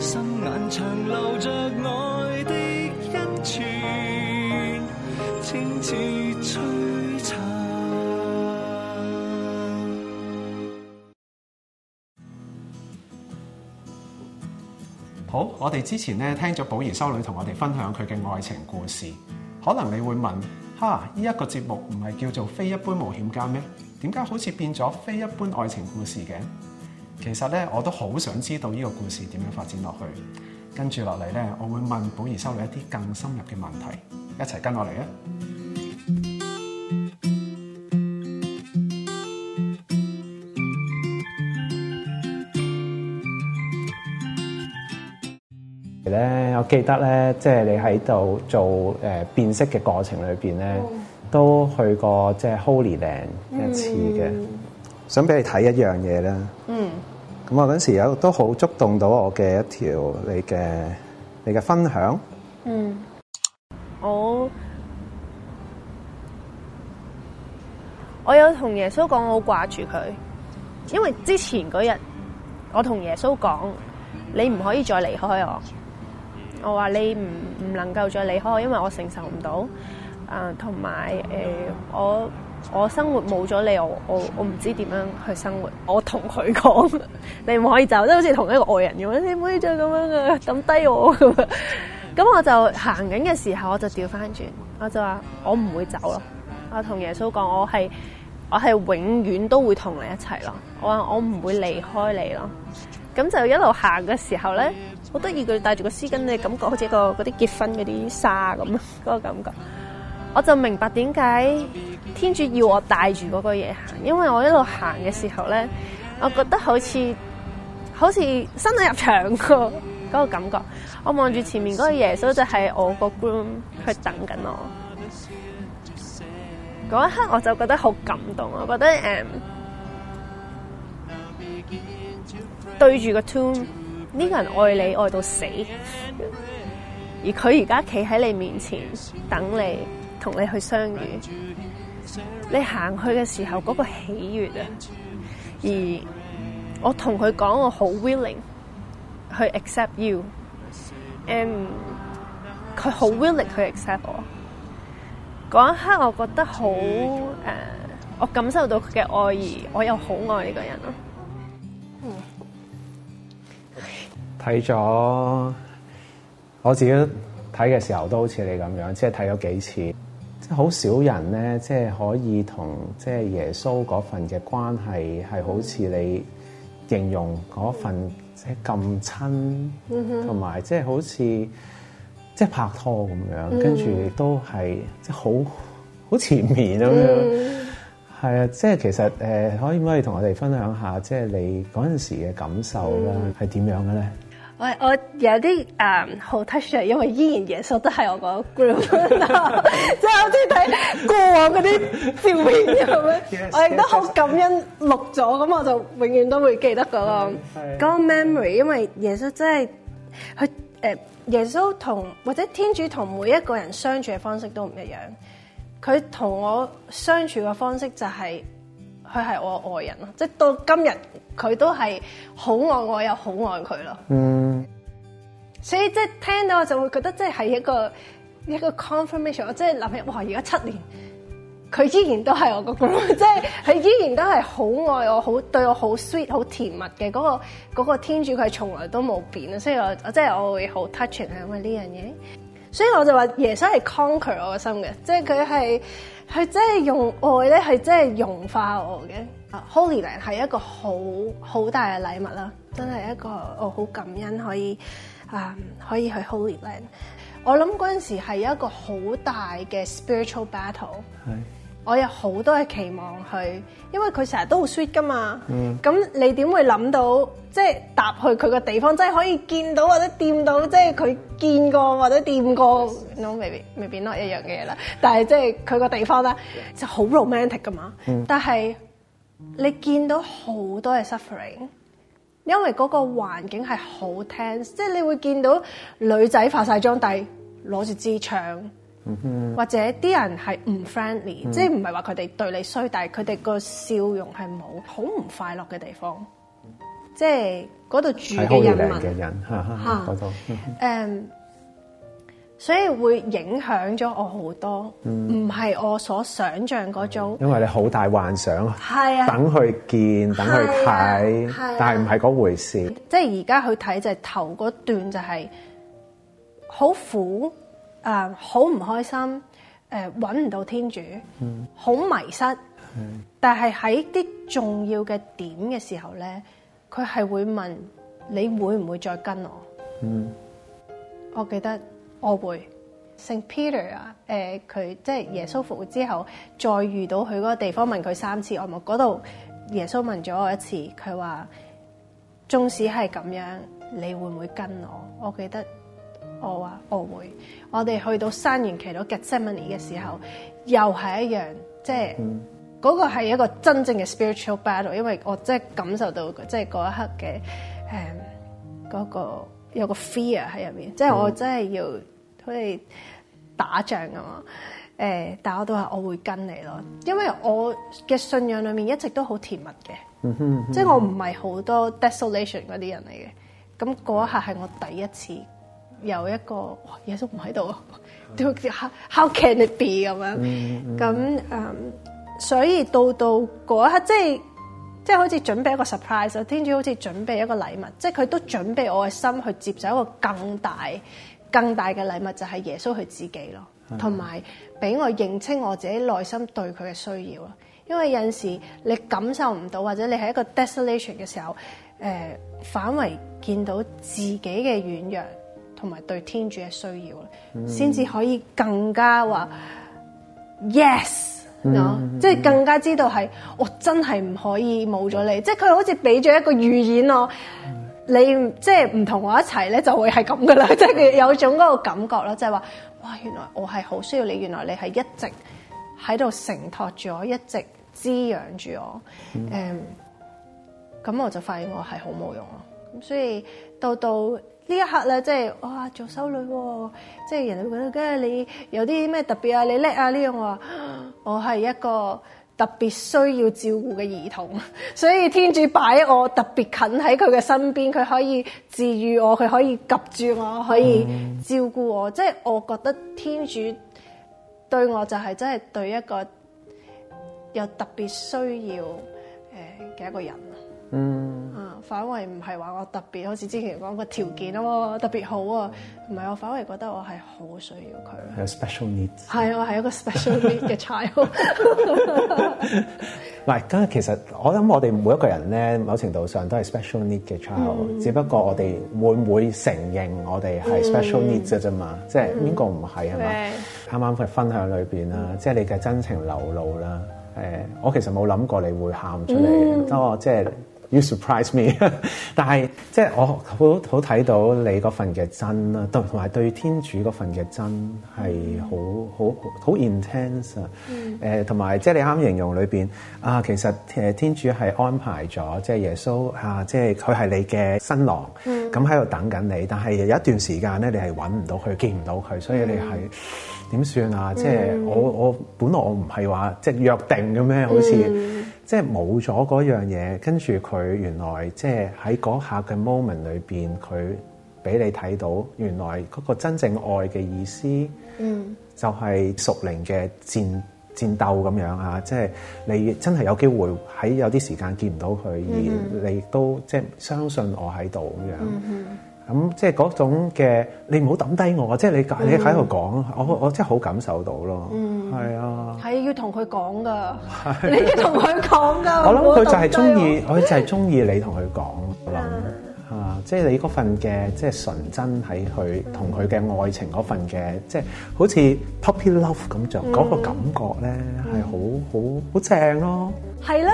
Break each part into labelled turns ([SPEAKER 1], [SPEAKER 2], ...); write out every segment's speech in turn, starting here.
[SPEAKER 1] 心眼長留著愛的恩泉，清澈璀璨。
[SPEAKER 2] 好，我哋之前咧聽咗寶儀修女同我哋分享佢嘅愛情故事，可能你會問：吓，呢一個節目唔係叫做非一般冒險家咩？點解好似變咗非一般愛情故事嘅？的其實咧，我都好想知道呢個故事點樣發展落去。跟住落嚟咧，我會問寶儀收你一啲更深入嘅問題，一齊跟落嚟啊！咧，我記得咧，即、就、係、是、你喺度做誒、呃、辨識嘅過程裏邊咧，oh. 都去過即係、就是、Holy Land 一次嘅。
[SPEAKER 1] Mm.
[SPEAKER 2] 想俾你睇一樣嘢咧。Mm. 咁我嗰時有都好觸動到我嘅一條你嘅你嘅分享。
[SPEAKER 3] 嗯，我我有同耶穌講，我好掛住佢。因為之前嗰日，我同耶穌講，你唔可以再離開我。我話你唔唔能夠再離開我，因為我承受唔到。啊、呃，同埋誒，我。我生活冇咗你，我我我唔知點樣去生活。我同佢講，你唔可以走，即係好似同一個外人咁樣。你唔可以再咁樣啊，抌低我咁。 咁我就行緊嘅時候，我就掉翻轉，我就話我唔會走咯。我同耶穌講，我係我係永遠都會同你一齊咯。我話我唔會離開你咯。咁就一路行嘅時候咧，好得意佢戴住個絲巾，你感覺好似個嗰啲結婚嗰啲紗咁，嗰個感覺。我就明白點解天主要我帶住嗰個嘢行，因為我一路行嘅時候咧，我覺得好似好似身體入場個個感覺。我望住前面嗰個耶穌就係我個 groom，佢等緊我。嗰一刻我就覺得好感動，我覺得誒，um, 對住個 tomb，呢個人愛你愛到死，而佢而家企喺你面前等你。同你去相遇，你行去嘅時候嗰個喜悅啊，而我同佢講我好 willing 去 accept you，and 佢好 willing 去 accept 我。嗰一刻我覺得好誒，uh, 我感受到佢嘅愛，而我又好愛呢個人咯。嗯，
[SPEAKER 2] 睇咗我自己睇嘅時候都好似你咁樣，即係睇咗幾次。好少人咧，即係可以同即係耶穌嗰份嘅關係，係好似你形容嗰份即係咁親，同埋即係好似即係拍拖咁樣，跟住都係即係好好纏綿咁樣。係啊，即係其實誒，可以唔可以同我哋分享下，即係你嗰陣時嘅感受咧，係點樣嘅咧？
[SPEAKER 3] 我我有啲誒好 touch 嘅，因為依然耶穌都係我個 group，即係我中意睇過往嗰啲照片咁樣， 我亦都好感恩錄咗，咁 我就永遠都會記得嗰、嗰個 memory， 因為耶穌真係佢誒耶穌同或者天主同每一個人相處嘅方式都唔一樣，佢同我相處嘅方式就係佢係我的愛人咯，即、就、係、是、到今日。佢都係好愛我，又好愛佢咯。嗯，所以即係聽到我就會覺得，即係係一個一個 confirmation。我即係諗起，哇！而家七年，佢依然都係我個哥，即係佢依然都係好愛我，好對我好 sweet、好甜蜜嘅嗰個嗰個天主，佢係從來都冇變啊！所以，我我即係我會好 touching 係因為呢樣嘢。所以我就話，耶穌係 conquer 我個心嘅，即係佢係佢真係用愛咧，係真係融化我嘅。Holy Land 係一個好好大嘅禮物啦，真係一個我好感恩可以啊、mm. 嗯，可以去 Holy Land 我諗嗰陣時係一個好大嘅 spiritual battle。係，我有好多嘅期望去，因為佢成日都好 sweet 噶嘛。嗯、mm.，咁你點會諗到即係搭去佢個地方，即、就、係、是、可以見到或者掂到，即係佢見過或者掂過，未必未必 not 一樣嘅嘢啦。 但係即係佢個地方咧就好、是、romantic 噶嘛。Mm. 但係。你見到好多嘅 suffering，因為嗰個環境係好 tense，即係你會見到女仔化晒妝，但係攞住支槍，
[SPEAKER 1] 或者
[SPEAKER 3] 啲人係唔 friendly，即係唔係話佢哋對你衰，但係佢哋個笑容係冇好唔快樂嘅地方， 即係嗰度住嘅人民嘅
[SPEAKER 2] 人嚇嚇，多咗
[SPEAKER 3] 誒。所以會影響咗我好多，唔係、嗯、我所想象嗰種。因為
[SPEAKER 2] 你好大幻想、嗯、
[SPEAKER 3] 係啊，等
[SPEAKER 2] 佢見，等佢睇，係啊、但係唔係嗰回事。
[SPEAKER 3] 即係而家去睇就係頭嗰段就係好苦，誒好唔開心，誒搵唔到天主，好、嗯、迷失。嗯、但係喺啲重要嘅點嘅時候咧，佢係會問你會唔會再跟我？嗯，我記得。我會，聖 Peter 啊，誒佢即係耶穌復活之後，再遇到佢嗰個地方問佢三次，我慕，嗰度耶穌問咗我一次，佢話縱使係咁樣，你會唔會跟我？我記得我話我會，我哋去到山園祈禱 Gethsemane 嘅時候，嗯、又係一樣，即係嗰個係一個真正嘅 spiritual battle，因為我即係感受到即係嗰一刻嘅誒嗰個。有個 fear 喺入面，即係我真係要好似打仗啊嘛，誒，但我都話我會跟你咯，因為我嘅信仰裏面一直都好甜蜜嘅，即係我唔係好多 desolation 嗰啲人嚟嘅，咁嗰一刻係我第一次有一個耶穌唔喺度，都叫 how can it be 咁樣，咁、嗯嗯嗯、所以到到嗰一刻，即係。即係好似準備一個 surprise，天主好似準備一個禮物，即係佢都準備我嘅心去接受一個更大、更大嘅禮物，就係、是、耶穌佢自己咯，同埋俾我認清我自己內心對佢嘅需要咯。因為有陣時你感受唔到，或者你係一個 desolation 嘅時候，誒、呃、反為見到自己嘅軟弱，同埋對天主嘅需要，先至可以更加話、嗯、yes。即係、嗯嗯嗯嗯、更加知道係我真係唔可以冇咗你，即係佢好似俾咗一個預演我。嗯、你即係唔同我一齊咧，就會係咁噶啦，即係佢有種嗰個感覺咯，即係話，哇，原來我係好需要你，原來你係一直喺度承托住我，一直滋養住我，誒、嗯，咁、嗯、我就發現我係好冇用咯，咁所以到到。呢一刻咧，即係哇，做修女，即係人哋會覺得，梗係你有啲咩特別啊，你叻啊呢樣。我話我係一個特別需要照顧嘅兒童，所以天主擺喺我特別近喺佢嘅身邊，佢可以治癒我，佢可以及住我，可以照顧我。嗯、即係我覺得天主對我就係真係對一個有特別需要誒嘅一個人。嗯。嗯反為唔係話我特別，好似之前講個條件啊，特別好啊，唔係我反為覺得我係好需要佢。
[SPEAKER 2] 係
[SPEAKER 3] 啊，我係一個 special need 嘅 child。
[SPEAKER 2] 嗱，咁 其實我諗我哋每一個人咧，某程度上都係 special need 嘅 child，只不過我哋會唔會承認我哋係 special need 嘅啫嘛？即係邊個唔係啊嘛？啱啱佢分享裏邊啦，即係你嘅真情流露啦。誒，我其實冇諗過你會喊出嚟，多即係。You surprise me， 但係即係我好好睇到你嗰份嘅真同埋對天主嗰份嘅真係好好好 intense 啊！誒，同埋即係你啱啱形容裏邊，啊，其實天主係安排咗，即係耶穌啊，即係佢係你嘅新郎，咁喺度等緊你。但係有一段時間咧，你係揾唔到佢，見唔到佢，所以你係點算啊？即係、嗯、我我本來我唔係話即係約定咁咩？好似、嗯。即係冇咗嗰樣嘢，跟住佢原來即係喺嗰下嘅 moment 裏面，佢俾你睇到原來嗰個真正愛嘅意思，嗯，就係屬靈嘅戰，戰鬥咁樣啊！即係你真係有機會喺有啲時間見唔到佢，而你都即係相信我喺度咁樣。咁即係嗰種嘅，你唔好抌低我啊！即係你你喺度講，我我真係好感受到咯，係啊，
[SPEAKER 3] 係要同佢講噶，
[SPEAKER 2] 你要同佢
[SPEAKER 3] 講噶。我諗佢就係中意，
[SPEAKER 2] 佢就係中意你同佢講。我諗啊，即係你嗰份嘅即係純真喺佢同佢嘅愛情嗰份嘅，即係好似 puppy love 咁就嗰個感覺咧，係好好好正咯。
[SPEAKER 3] 係咯。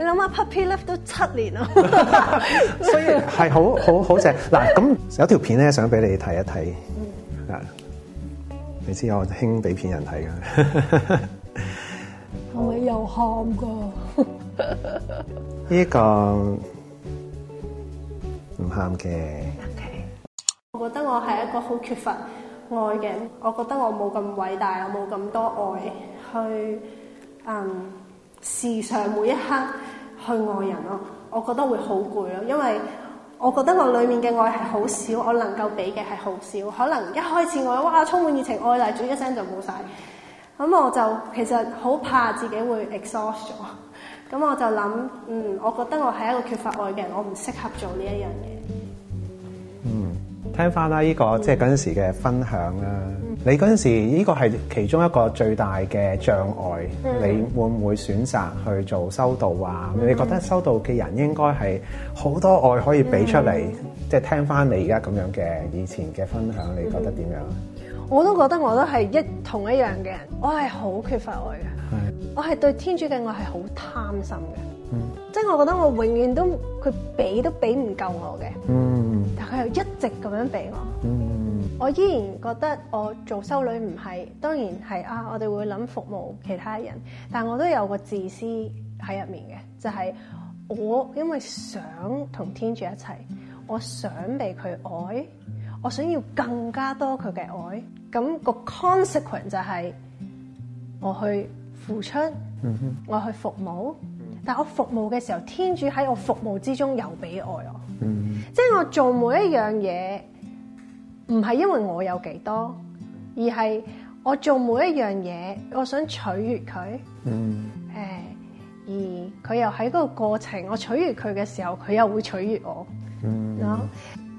[SPEAKER 3] 你諗下，Puppy Love 都七年咯，
[SPEAKER 2] 所以係好好好正嗱。咁有條片咧，想俾你睇一睇。嗯，你知我興俾片人睇㗎，
[SPEAKER 3] 係 咪又喊噶？呢
[SPEAKER 2] 個唔喊嘅。
[SPEAKER 3] O Okay . K，我覺得我係一個好缺乏愛嘅，我覺得我冇咁偉大，我冇咁多愛去嗯。時常每一刻去愛人咯，我覺得會好攰咯，因為我覺得我裡面嘅愛係好少，我能夠俾嘅係好少。可能一開始我哇充滿熱情愛嚟，轉一聲就冇晒，咁我就其實好怕自己會 exhaust 咗。咁我就諗，嗯，我覺得我係一個缺乏愛嘅人，我唔適合做呢一樣嘢。嗯，
[SPEAKER 2] 聽翻啦、呢個，呢個、嗯、即係嗰陣時嘅分享啦、啊。你嗰陣時，呢個係其中一個最大嘅障礙，你會唔會選擇去做修道啊？你覺得修道嘅人應該係好多愛可以俾出嚟，即係聽返你而家咁樣嘅以前嘅分享，你覺得點樣、嗯？
[SPEAKER 3] 我都覺得我都係一同一樣嘅人，我係好缺乏愛嘅，我係對天主嘅愛係好貪心嘅，即係、嗯、我覺得我永遠都佢俾都俾唔夠我嘅，嗯、但佢又一直咁樣俾我。嗯我依然覺得我做修女唔係，當然係啊，我哋會諗服務其他人，但我都有個自私喺入面嘅，就係我因為想同天主一齊，我想被佢愛，我想要更加多佢嘅愛。咁個 consequence 就係我去付出，嗯哼，我去服務，但我服務嘅時候，天主喺我服務之中又俾愛我，嗯哼，即係我做每一樣嘢。唔係因為我有幾多，而係我做每一樣嘢，我想取悅佢。嗯。誒，而佢又喺嗰個過程，我取悅佢嘅時候，佢又會取悅我。
[SPEAKER 1] 嗯。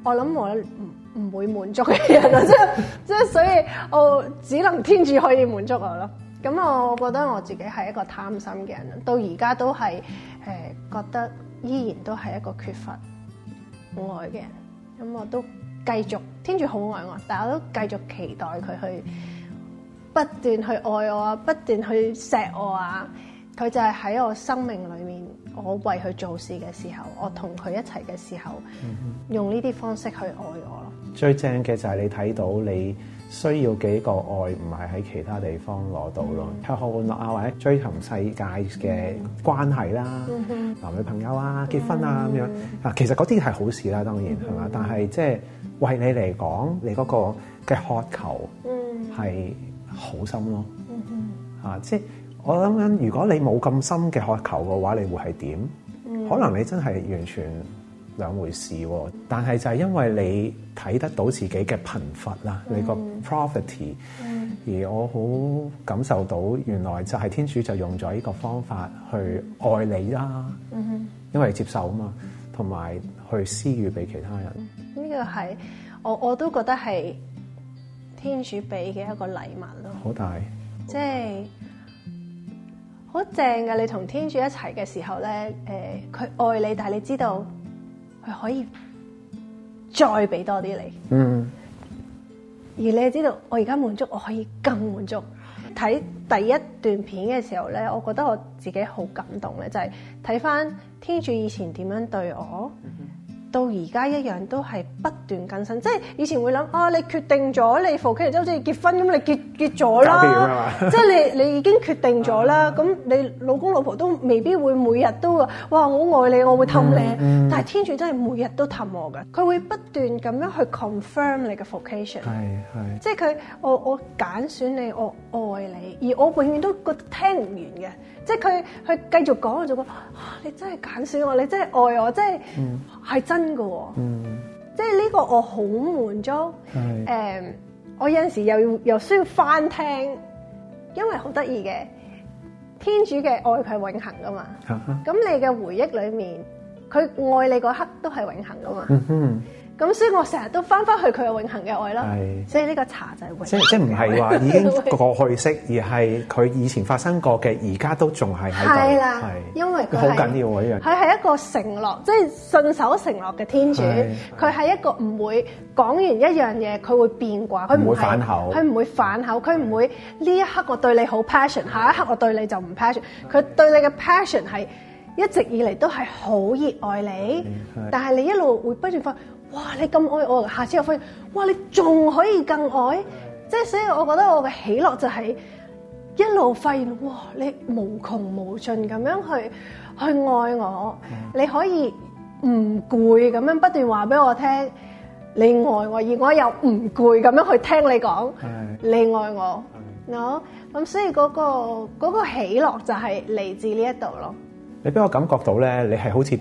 [SPEAKER 3] 我諗我唔唔會滿足嘅人，即係即係，所以我只能天主可以滿足我咯。咁我我覺得我自己係一個貪心嘅人，到而家都係誒、呃、覺得依然都係一個缺乏愛嘅人，咁我都。繼續天主好愛我，但我都繼續期待佢去不斷去愛我啊，不斷去錫我啊。佢就係喺我生命裏面，我為佢做事嘅時候，我同佢一齊嘅時候，用呢啲方式去愛我咯。
[SPEAKER 2] 最正嘅就係你睇到你需要幾個愛，唔係喺其他地方攞到咯，求學、mm、揾食啊，或者追求世界嘅關係啦，mm hmm. 男女朋友啊、結婚啊咁樣啊，其實嗰啲係好事啦，當然係嘛，mm hmm. 但係即係。為你嚟講，你嗰個嘅渴求係好深咯，
[SPEAKER 1] 嗯
[SPEAKER 2] 啊。即係我諗緊，如果你冇咁深嘅渴求嘅話，你會係點？嗯、
[SPEAKER 1] 可能你
[SPEAKER 2] 真係完全兩回事，啊。但係就係因為你睇得到自己嘅貧乏啦，嗯、你個 property。嗯、而我好感受到，原來就係天主就用咗呢個方法去愛你啦，啊。嗯、因為你接受嘛，同埋去施予俾其他人。
[SPEAKER 3] 呢個係我我都覺得係天主俾嘅一個禮物咯，好大，即係好正噶。你同天主一齊嘅時候咧，誒、呃，佢愛你，但係你知道佢可以再俾多啲你，嗯哼。而你知道我而家滿足，我可以更滿足。睇第一段片嘅時候咧，我覺得我自己好感動咧，就係睇翻天主以前點樣對我。嗯到而家一樣都係不斷更新，即係以前會諗啊，你決定咗你 vocation，即係好似結婚咁，你結結咗啦，即係你你已經決定咗啦。咁 你老公老婆都未必會每日都哇，我愛你，我會氹你，嗯嗯、但係天主真係每日都氹我嘅，佢會不斷咁樣去 confirm 你嘅 vocation，係係、即係佢我我揀選你，我愛你，而我永遠都覺得聽唔完嘅，即係佢佢繼續講講就話，你真係揀選我，你真係愛我，即嗯、真係係真。真嘅、嗯、即係呢個我好滿足，誒的
[SPEAKER 1] ，um,
[SPEAKER 3] 我有陣時又又需要翻聽，因為好得意嘅，天主嘅愛佢係永恒噶嘛，咁 你嘅回憶裏面，佢愛你嗰刻都係永恒噶嘛。 咁所以我成日都翻翻去佢嘅永恒嘅愛啦。係，所以呢個茶就係永即即唔係話已經過
[SPEAKER 2] 去式，而係佢以前發生過嘅，而家都仲係喺度。係啦，
[SPEAKER 3] 因為佢好緊要喎呢樣。佢係一個承諾，即係信守承諾嘅天主。佢係一個唔會講完一樣嘢，佢會變卦。佢唔會反口，佢唔會反口，佢唔會呢一刻我對你好 passion，下一刻我對你就唔 passion。佢對你嘅 passion 係一直以嚟都係好熱愛你，但係你一路會不斷發。哇！你咁愛我，下次又發現哇！你仲可以更愛，即係所以，我覺得我嘅喜樂就係一路發現哇！你無窮無盡咁樣去去愛我，你可以唔攰咁樣不斷話俾我聽你愛我，而我又唔攰咁樣去聽你講你愛我。嗱，咁所以嗰個嗰個喜樂就係嚟自呢一度咯。
[SPEAKER 2] 你俾我感覺到咧，你係好似，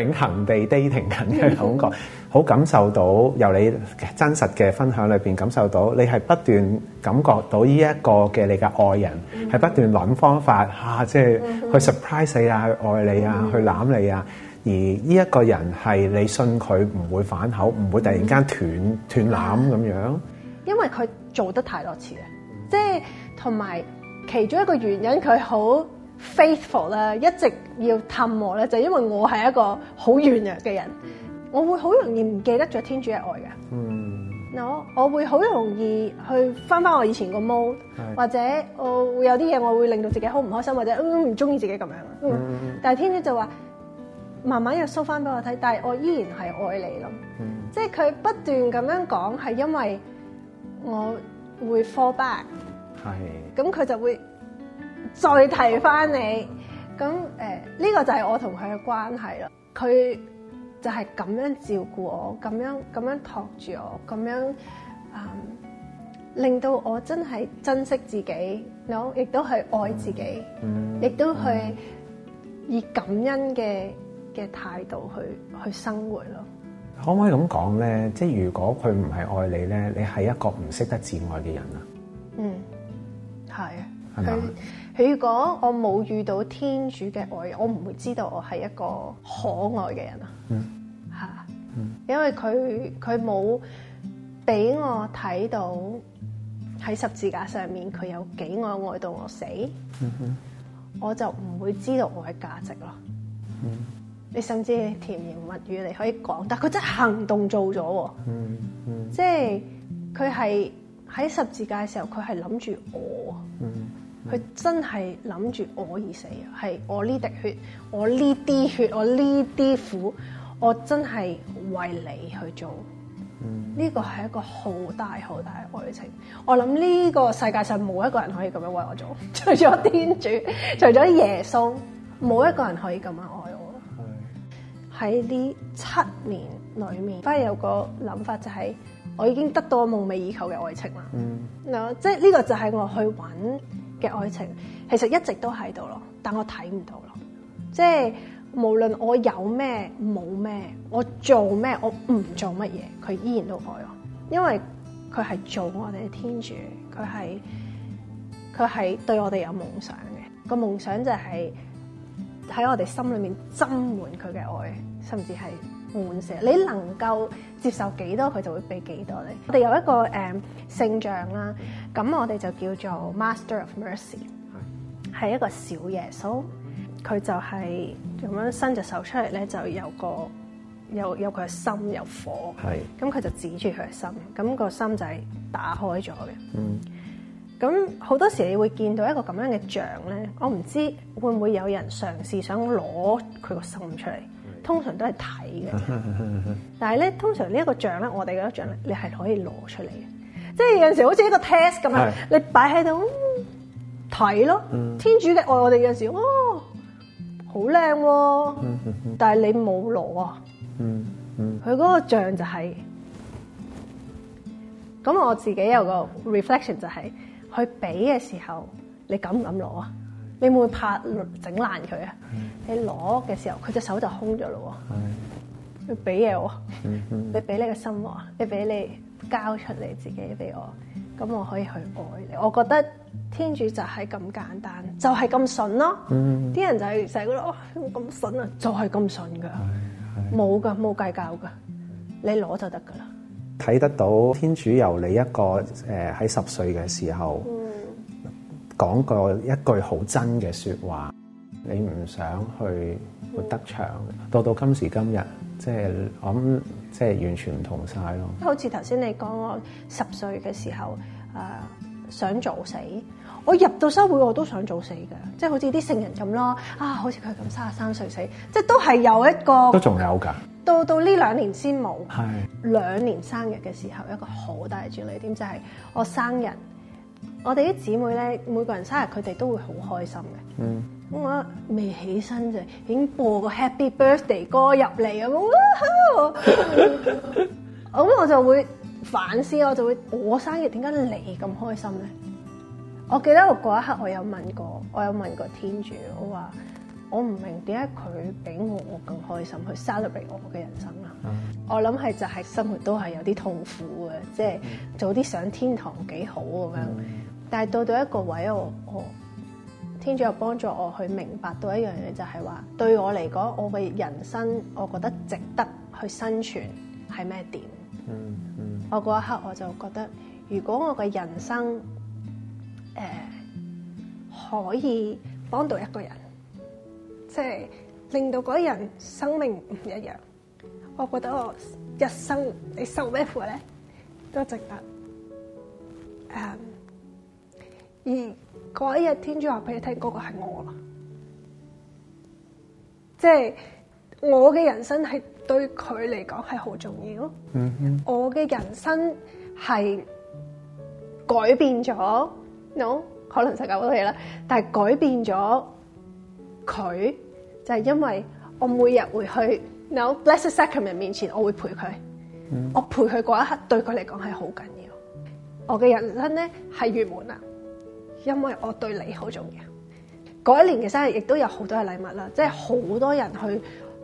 [SPEAKER 2] 永恒地 dating 緊嘅感覺，好感受到由你真實嘅分享裏邊感受到，你係不斷感覺到呢一個嘅你嘅愛人係不斷諗方法嚇，即係去 surprise 你啊，去愛你啊，去攬你啊。而呢一個人係你信佢唔會反口，唔會突然間斷斷攬咁樣，
[SPEAKER 3] 因為佢做得太多次啦。即係同埋其中一個原因，佢好。faithful 咧，faithful, 一直要氹我咧，就是、因為我係一個好軟弱嘅人，mm. 我會好容易唔記得咗天主嘅愛嘅。嗯，我我會好容易去翻翻我以前個 mode，Yes. 或者我會有啲嘢我會令到自己好唔開心，或者唔中意自己咁樣。Mm. 但係天主就話慢慢又 show 翻俾我睇，但係我依然係愛你咯。Mm. 即係佢不斷咁樣講係因為我會 fall back。係。咁佢就會。再提翻你，咁誒呢個就係我同佢嘅關係啦。佢就係咁樣照顧我，咁樣咁樣托住我，咁樣、嗯、令到我真係珍惜自己，咯、no?，亦都去愛自己，
[SPEAKER 1] 嗯、
[SPEAKER 3] 亦都去以感恩嘅嘅態度去去生活
[SPEAKER 2] 咯。可唔可以咁講咧？即係如果佢唔係愛你咧，你係一個唔識得自愛嘅人、嗯、
[SPEAKER 3] 係啊？嗯，係咪嘛？如果我冇遇到天主嘅愛，我唔會知道我係一個可愛嘅人啊！吓、嗯，嗯、因為佢佢冇俾我睇到喺十字架上面佢有幾愛愛到我死，嗯嗯、我就唔會知道我嘅價值咯。嗯、你甚至甜言蜜語你可以講，但佢真係行動做咗，嗯嗯、即係佢係喺十字架嘅時候，佢係諗住我。嗯佢真係諗住我而死，係我呢滴血，我呢啲血，我呢啲苦，我真係為你去做。呢、嗯、個係一個好大好大嘅愛情。我諗呢個世界上冇一個人可以咁樣為我做，除咗天主，除咗耶穌，冇一個人可以咁樣愛我。喺呢、嗯、七年裏面，反而有個諗法就係、是，我已經得到我夢寐以求嘅愛情啦。嗱、嗯，即係呢個就係我去搵嘅愛情其實一直都喺度咯，但我睇唔到咯。即係無論我有咩冇咩，我做咩我唔做乜嘢，佢依然都愛我，因為佢係做我哋嘅天主，佢係佢係對我哋有夢想嘅。個夢想就係喺我哋心裏面斟滿佢嘅愛，甚至係。你能夠接受幾多，佢就會俾幾多你。我哋有一個誒、嗯、聖像啦，咁我哋就叫做 Master of Mercy，係一個小耶穌，佢就係、是、咁樣伸隻手出嚟咧，就有個有有佢嘅心有火，係咁佢就指住佢嘅心，咁個心就係打開咗嘅。嗯，咁好多時你會見到一個咁樣嘅像咧，我唔知會唔會有人嘗試想攞佢個心出嚟。通常都係
[SPEAKER 1] 睇
[SPEAKER 3] 嘅，但係咧通常呢一個像咧，我哋嗰個像咧，你係可以攞出嚟嘅，即係有陣時好似一個 test 咁樣，的你擺喺度睇咯。嗯、天主嘅愛我哋有陣時，哦，好靚喎，但係你冇攞啊。嗯，佢嗰個像就係、是，咁我自己有個 reflection 就係、是，去俾嘅時候，你敢唔敢攞啊？你會唔會怕整爛佢啊？你攞嘅時候，佢隻手就空咗咯喎。你俾嘢我，你俾你嘅心我，你俾你交出嚟自己俾我，咁我可以去愛你。我覺得天主就係咁簡單，就係咁順咯。啲、嗯、哼人就係成日覺得：「哦咁順啊，就係咁順㗎，冇㗎唉，冇計較㗎。」你攞就得㗎啦。
[SPEAKER 2] 睇得到天主由你一個誒喺十歲嘅時候講過一句好真嘅説話。你唔想去活得長，到、嗯、到今時今日，即、就、係、是、我諗，即、就、係、是、完全唔同晒咯。
[SPEAKER 3] 好似頭先你講，我十歲嘅時候啊、呃，想早死。我入到修會，我都想早死嘅，即、就、係、是、好似啲聖人咁咯。啊，好似佢咁三十三歲死，即係都係有一個都仲有㗎。到到呢兩年先冇，係的兩年生日嘅時候，一個好大嘅轉折點就係、是、我生日。我哋啲姊妹咧，每個人生日佢哋都會好開心嘅。嗯。我未起身就已經播個 Happy Birthday 歌入嚟咁，咁 我就會反思，我就會我生日點解你咁開心咧？我記得我嗰一刻我有問過，我有問過天主，我話我唔明點解佢比我更開心去 celebrate 我嘅人生啦。Mm hmm. 我諗係就係生活都係有啲痛苦嘅，即係早啲上天堂幾好咁樣。Mm hmm. 但係到到一個位，我我。天主又幫助我去明白到一樣嘢，就係、是、話對我嚟講，我嘅人生我覺得值得去生存係咩點？嗯嗯，我嗰一刻我就覺得，如果我嘅人生誒、呃、可以幫到一個人，即、就、係、是、令到嗰個人生命唔一樣，我覺得我一生你受咩苦咧都值得誒而。嗯嗯嗰一日天，天主話俾你聽嗰、那個係我啦，即、就、係、是、我嘅人生係對佢嚟講係好重要。Mm hmm. 我嘅人生係改變咗，no，可能世界好多嘢啦，但係改變咗佢就係、是、因為我每日會去 no, Blessed Sacrament 面前，我會陪佢，mm hmm. 我陪佢嗰一刻對佢嚟講係好緊要，我嘅人生咧係圓滿啦。因為我對你好重要，嗰一年嘅生日亦都有好多嘅禮物啦，即係好多人去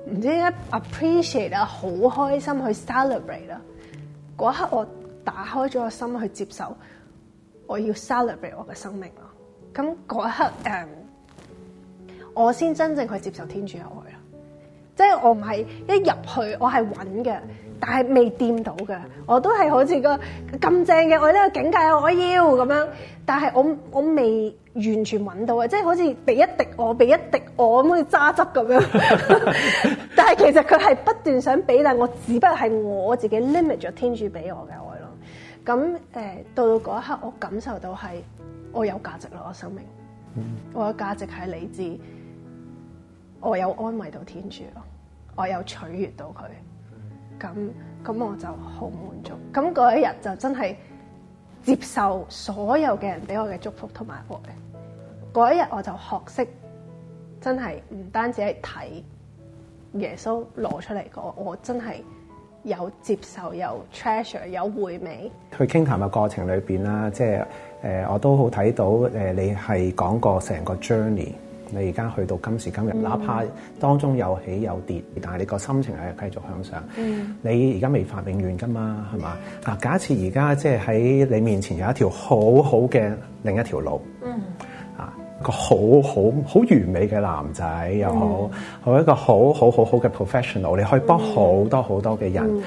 [SPEAKER 3] 唔知 appreciate 啊，好開心去 celebrate 啦。嗰一刻我打開咗個心去接受，我要 celebrate 我嘅生命咯。咁嗰一刻誒、um, 我先真正去接受天主入去。即係我唔係一入去，我係揾嘅，但係未掂到嘅，我都係好似個咁正嘅，我、這、呢個境界我要咁樣，但係我我未完全揾到啊！即係好似俾一滴我，俾一滴我咁樣揸汁咁樣， 但係其實佢係不斷想俾，但我只不過係我，我自己 limit 咗天主俾我嘅愛咯。咁誒、呃，到到嗰一刻，我感受到係我有價值咯，我生命，我嘅價值係理智。我有安慰到天主咯，我有取悅到佢，咁咁我就好滿足。咁嗰一日就真係接受所有嘅人俾我嘅祝福同埋愛。嗰一日我就學識真係唔單止係睇耶穌攞出嚟，我真係有接受，有 treasure，有回味。
[SPEAKER 2] 去傾談嘅過程裏面啦，即係、呃、我都好睇到、呃、你係講過成個 journey。你而家去到今時今日，哪怕當中有起有跌，但係你個心情係繼續向上。嗯，你而家未發永遠㗎嘛，係嘛？啊，假設而家即係喺你面前有一條好好嘅另一條路。嗯。啊，個很好好好完美嘅男仔又好，好、嗯、一個很好好好好嘅 professional，你可以幫好多好多嘅人。誒、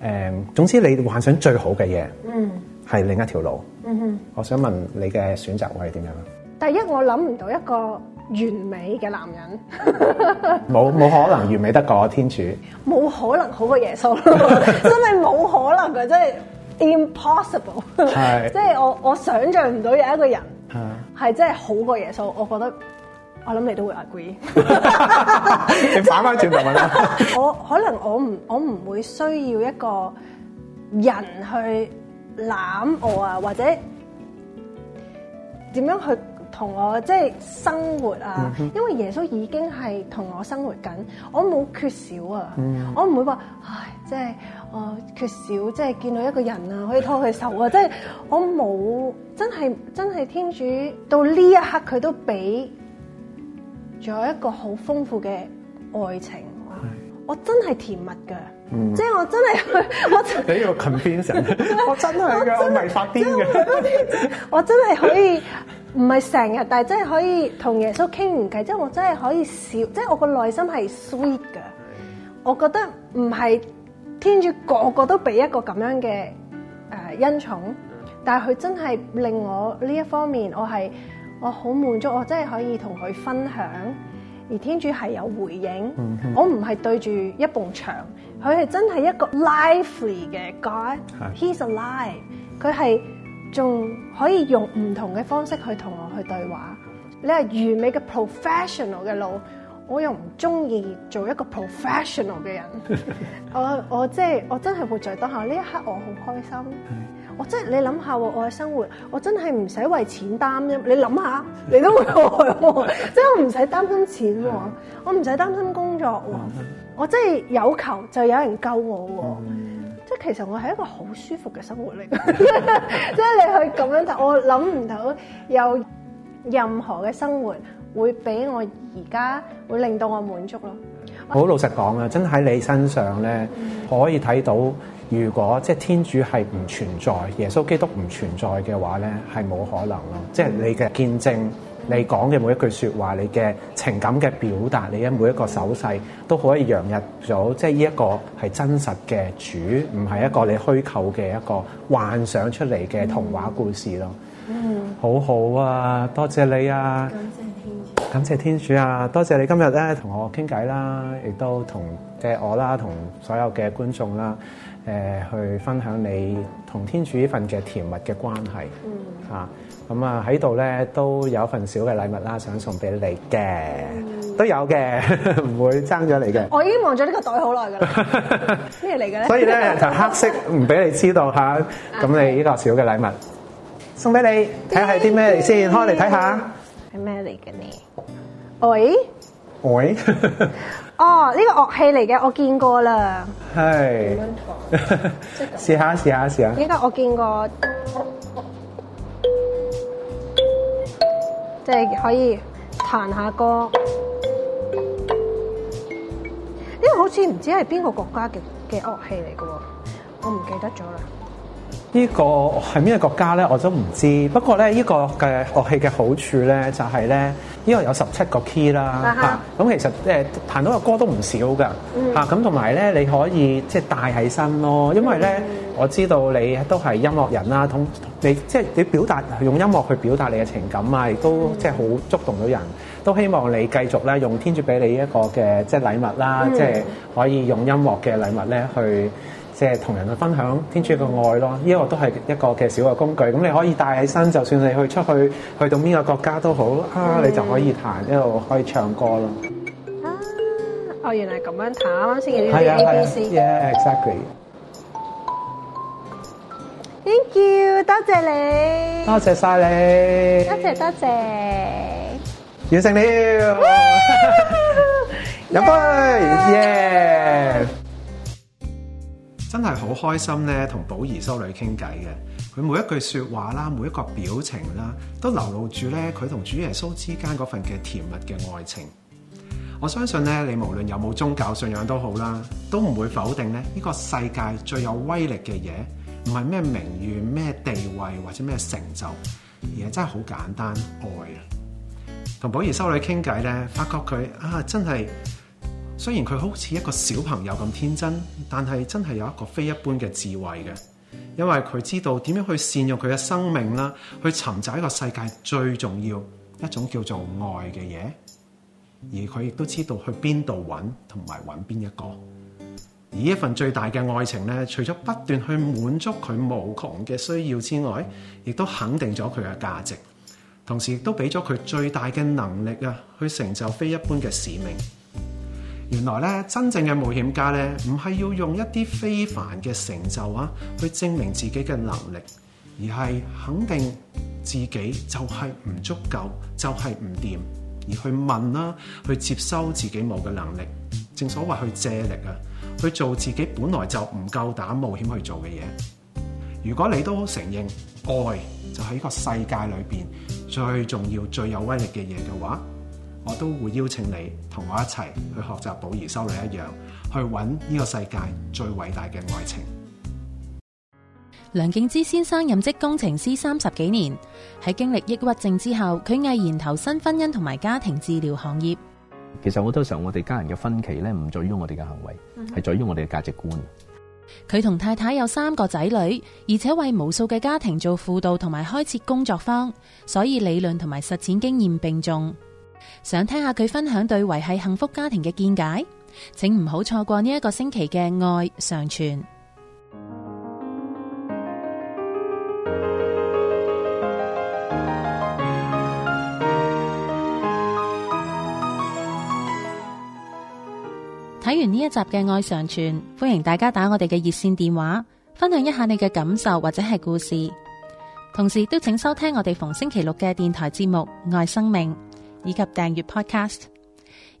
[SPEAKER 2] 嗯，總之你幻想最好嘅嘢。嗯。係另一條路。嗯哼。我想問你嘅選擇會係點樣啊？
[SPEAKER 3] 第一，我諗唔到一個。完美嘅男人，
[SPEAKER 2] 冇 冇可能完美得過天主？
[SPEAKER 3] 冇可能好過耶穌， 真係冇可能嘅，真係 impossible。係是，即係 我我想象唔到有一個人係真係好過耶穌。我覺得，我諗你都會 agree。
[SPEAKER 2] 你反翻轉頭問啦，
[SPEAKER 3] 我可能我唔我唔會需要一個人去攬我啊，或者點樣去。同我即係、就是、生活啊，mm hmm. 因為耶穌已經係同我生活緊，我冇缺少啊，mm hmm. 我唔會話唉，即係我缺少，即係見到一個人啊，可以拖佢手啊，即係我冇，真係真係天主到呢一刻佢都俾咗一個好豐富嘅愛情，啊，mm hmm. 我真係甜蜜噶。 即係我真係去，我
[SPEAKER 2] 你要 convince 我，我真係嘅，我唔係發癲嘅，
[SPEAKER 3] 我真係可以唔係成日，但係真係可以同耶穌傾完偈，即係我真係可以笑，即係我個內心係 sweet 嘅。 我覺得唔係天主個個都俾一個咁樣嘅誒、呃、恩寵，但係佢真係令我呢一方面，我係我好滿足，我真係可以同佢分享。而天主係有回應，mm hmm. 我唔係對住一埲牆，佢係真係一個 lively 嘅 guy，He's alive，佢係仲可以用唔同嘅方式去同我去對話。你係完美嘅 professional 嘅路，我又唔中意做一個 professional 嘅人。 我我即係我真係活在當下呢一刻，我好開心。Mm hmm. 我真係你諗下喎，我嘅生活，我真係唔使為錢擔。你諗下，你都會愛我喎。即係我唔使擔心錢喎，我唔使擔心工作喎。我真係有求就有人救我喎。即係其實我係一個好舒服嘅生活嚟。即係你去咁樣睇，我諗唔到有任何嘅生活會俾我而家會令到我滿足咯。
[SPEAKER 2] 好老實講啊，真喺你身上咧，我可以睇到。如果即係天主係唔存在，耶穌基督唔存在嘅話咧，係冇可能咯。即係你嘅見證，你講嘅每一句説話，你嘅情感嘅表達，你嘅每一個手勢，都可以融入咗即係呢一個係真實嘅主，唔係一個你虛構嘅一個幻想出嚟嘅童話故事咯。嗯，好好啊，多謝你啊，感謝天主，感謝天主啊，多謝你今日咧同我傾偈啦，亦都同嘅我啦，同所有嘅觀眾啦。誒去分享你同天主呢份嘅甜蜜嘅關係，嚇咁啊，喺度咧都有一份小嘅禮物啦，想送俾你嘅都有嘅，唔會爭咗你嘅。
[SPEAKER 3] 我已經望咗呢個袋好耐嘅啦，咩嚟嘅咧？所以
[SPEAKER 2] 咧就黑色唔俾你知道嚇，咁你呢個小嘅禮物
[SPEAKER 3] 送俾你，睇下係啲咩嚟先，開嚟睇下係咩嚟嘅咧？喂喂。哦，呢個樂器嚟嘅，我見過啦。係。點樣彈？
[SPEAKER 2] 試下，試下，試下。呢個
[SPEAKER 3] 我見過，即係可以彈下歌。呢個好似唔知係邊個國家嘅嘅樂器嚟嘅，我唔記得咗啦。
[SPEAKER 2] 呢個係邊個國家咧？我都唔知。不過咧，呢個嘅樂器嘅好處咧，就係咧。呢個有十七個 key 啦，咁，啊哈啊、其實誒彈到個歌都唔少㗎嚇，咁同埋咧你可以即係帶起身咯，因為咧、嗯、我知道你都係音樂人啦，同你即係、就是、你表達用音樂去表達你嘅情感啊，亦都、嗯、即係好觸動到人，都希望你繼續咧用天主俾你一個嘅即係禮物啦，即係、嗯、可以用音樂嘅禮物咧去。即係同人去分享天主嘅愛咯，呢個都係一個嘅小嘅工具。咁你可以帶起身，就算你去出去去到邊個國家都好的啊，你就可以彈，一路可以唱歌咯。哦、啊，原
[SPEAKER 3] 來咁樣彈。啱先嘅呢個 A B C，Yeah，exactly。Yeah,
[SPEAKER 2] exactly. Thank you,
[SPEAKER 3] thank you. 多謝你，
[SPEAKER 2] 多謝晒你，多
[SPEAKER 3] 謝多謝，
[SPEAKER 2] 完成了
[SPEAKER 3] ，yeah.
[SPEAKER 2] 飲杯，Yeah。Yeah. 真係好開心咧，同寶儀修女傾偈嘅，佢每一句説話啦，每一個表情啦，都流露住咧佢同主耶穌之間嗰份嘅甜蜜嘅愛情。我相信咧，你無論有冇宗教信仰都好啦，都唔會否定咧呢個世界最有威力嘅嘢，唔係咩名譽、咩地位或者咩成就，而係真係好簡單愛啊！同寶儀修女傾偈咧，發覺佢啊，真係～雖然佢好似一個小朋友咁天真，但係真係有一個非一般嘅智慧嘅，因為佢知道點樣去善用佢嘅生命啦，去尋找一個世界最重要一種叫做愛嘅嘢，而佢亦都知道去邊度揾同埋揾邊一個，而呢一份最大嘅愛情咧，除咗不斷去滿足佢無窮嘅需要之外，亦都肯定咗佢嘅價值，同時亦都俾咗佢最大嘅能力啊，去成就非一般嘅使命。原來咧，真正嘅冒險家咧，唔係要用一啲非凡嘅成就啊，去證明自己嘅能力，而係肯定自己就係唔足夠，就係唔掂，而去問啦，去接收自己冇嘅能力。正所謂去借力啊，去做自己本來就唔夠膽冒險去做嘅嘢。如果你都承認愛就係呢個世界裏面最重要、最有威力嘅嘢嘅話，我都會邀請你同我一齊去學習保兒修女一樣，去揾呢個世界最偉大嘅愛情。
[SPEAKER 4] 梁敬之先生任職工程師三十幾年，喺經歷抑鬱症之後，佢毅然投身婚姻同埋家庭治療行業。
[SPEAKER 2] 其實好多時候，我哋家人嘅分歧咧，唔在於我哋嘅行為，係，嗯哼，在於我哋嘅價值觀。
[SPEAKER 4] 佢同太太有三個仔女，而且為無數嘅家庭做輔導同埋開設工作坊，所以理論同埋實踐經驗並重。想聽下佢分享對維繫幸福家庭嘅見解，請唔好錯過呢一個星期嘅愛常傳。睇完呢一集嘅愛常傳，歡迎大家打我哋嘅熱線電話，分享一下你嘅感受或者係故事。同時都請收聽我哋逢星期六嘅電台節目《愛生命》。以及訂閱 Podcast。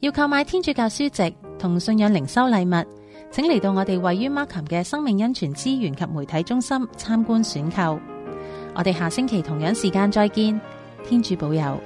[SPEAKER 4] 要購買天主教書籍同信仰靈修禮物，請嚟到我哋位於 Markham 嘅生命恩泉資源及媒體中心參觀選購。我哋下星期同樣時間再見，天主保佑。